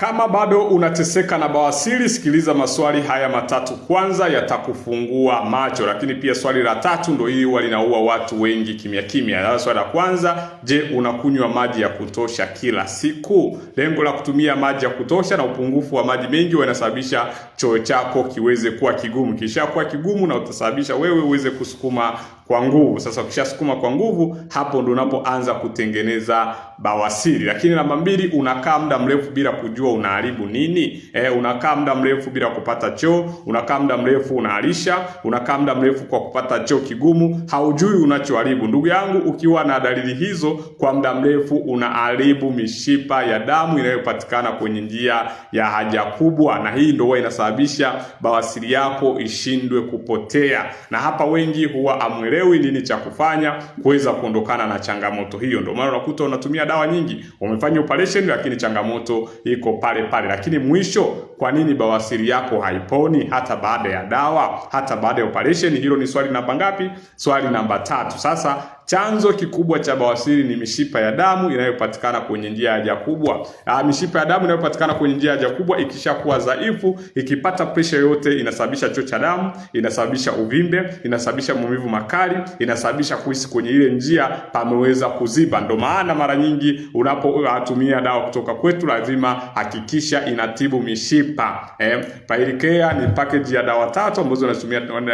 Kama bado unateseka na bawasiri, sikiliza maswali haya matatu kwanza, yatakufungua macho. Lakini pia swali la tatu ndio hili huwa linaua watu wengi kimya kimya. Swali la kwanza, je, unakunywa maji ya kutosha kila siku? Lengo la kutumia maji ya kutosha na upungufu wa maji mengi wanasababisha choo chako kiweze kuwa kigumu, kisha kuwa kigumu na utasababisha wewe uweze kusukuma kwa nguvu. Sasa ukishasukuma kwa nguvu, hapo ndo unapoanza kutengeneza bawasiri. Lakini namba mbili, unakaa muda mrefu bila kujua unaharibu nini. E, unakaa muda mrefu bila kupata choo, unakaa muda mrefu unaharisha, unakaa muda mrefu kwa kupata choo kigumu, haujui unachoharibu. Ndugu yangu, ukiwa na dalili hizo kwa muda mrefu, unaharibu mishipa ya damu inayopatikana kwenye njia ya haja kubwa, na hii ndio inasababisha bawasiri yako ishindwe kupotea, na hapa wengi huwa amwelewi nini cha kufanya kuweza kuondokana na changamoto hiyo. Ndio maana unakuta unatumia dawa nyingi, umefanya operation, lakini changamoto iko pale pale. Lakini mwisho, kwa nini bawasiri yako haiponi hata baada ya dawa, hata baada ya operation? Hilo ni swali namba ngapi? Swali namba tatu. Sasa Chanzo kikubwa cha bawasiri ni mishipa ya damu inayopatikana kwenye njia ya haja kubwa. Aa, ah, mishipa ya damu inayopatikana kwenye njia ya haja kubwa ikishakuwa dhaifu, ikipata presha yoyote inasababisha choo cha damu, inasababisha uvimbe, inasababisha maumivu makali, inasababisha kuhisi kwenye ile njia pameweza kuziba. Ndio maana mara nyingi unapotumia ah, dawa kutoka kwetu lazima hakikisha inatibu mishipa. Eh, Pailikea ni package ya dawa tatu ambazo unatumia ndani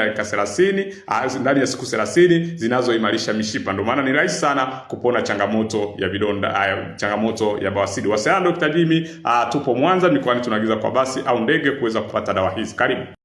ya siku 30 ah, zinazoimarisha mishipa mishipa. Ndio maana ni rahisi sana kupona changamoto ya vidonda uh, changamoto ya bawasiri. Wasiliana na Dr. Jimmy, ah, tupo Mwanza mikoani, tunaagiza kwa basi au ndege kuweza kupata dawa hizi. Karibu.